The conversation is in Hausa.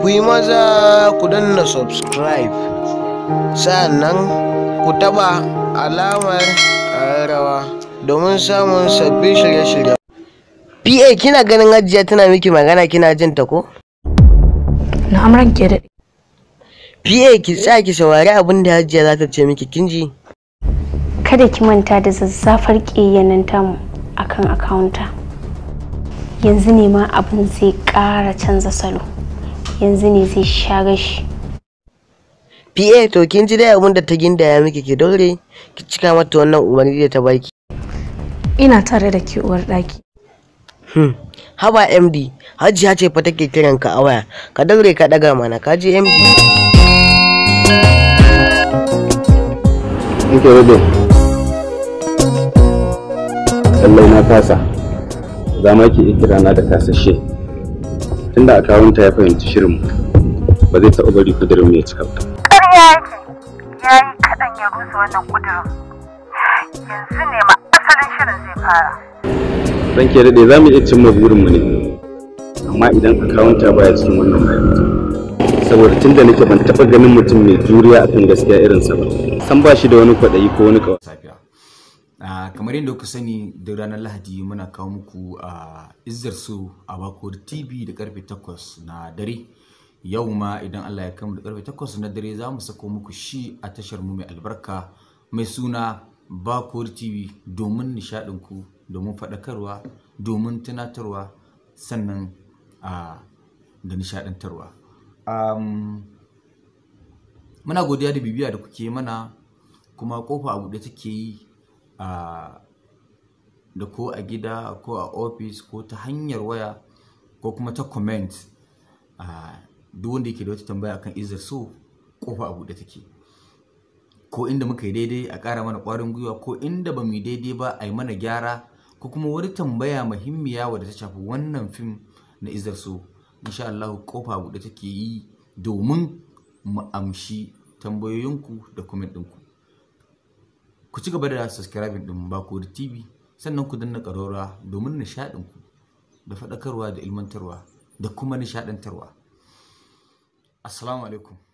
ku yi maza ku danna subscribe sa'annan ku taba alamar rawa domin samun sabbin shirye-shirye pa kina ganin hajiya tana miki magana kina jin ta ko na'am daɗi. da pa ki sa ki saurari abin da hajiya za ta ce miki kinji kada ki manta da zazzafar ƙiyyanin tamu akan akawunta yanzu ne ma abin zai ƙara canza salo yanzu ne zai sha gashi PA to kin ji dai abin da ta gindaya miki ki dole ki cika mata wannan umarni da ta baki ina tare da ke uwar daki hmm. haba MD ya ce fa take kiran ka a waya ka daure ka daga mana ka ji MD Nke rube. Allah na kasa. Za ma ki ikira na da kasashe. tunda akawunta ya fahimci shirin ba zai taɓa bari kudurin ya cika ba. Ƙarya yake ya yi kaɗan ya rusa wannan kudurin yanzu ne ma asalin shirin zai fara. Ran ke daɗe za mu iya cimma burinmu ne amma idan akawunta baya cikin wannan fahimta. Saboda tun da nake ban taɓa ganin mutum mai juriya akan gaskiya irinsa ba. San ba shi da wani kwaɗayi ko wani kawai. Ah, kamar yadda kuka sani da ranar lahadi muna kawo muku a uh, su a bakuwar tv da karfe 8 na dare yau ma idan allah ya kama da karfe 8 na dare za mu sako muku shi a tashar mu mai albarka mai suna bakuwar tv domin nishadinku domin faɗakarwa domin tunatarwa sannan uh, da nishadantarwa muna godiya da bibiya da kuke mana kuma kofa a buɗe take yi a da ko a gida ko a ofis ko ta hanyar waya ko kuma ta comment a duk wanda yake da wata tambaya akan izar so kofa a buɗe take ko inda muka yi daidai a ƙara mana ƙwarin gwiwa ko inda ba mu yi daidai ba a yi mana gyara ko kuma wani tambaya muhimmiya wadda ta shafi wannan fim na izar so insha Allah kofa buɗe take yi domin mu amshi tambayoyinku da comment ɗinku ku ci gaba da subscribing din bakori tv sannan ku danna karora domin ku, da faɗakarwa da ilmantarwa da kuma nishaɗantarwa assalamu alaikum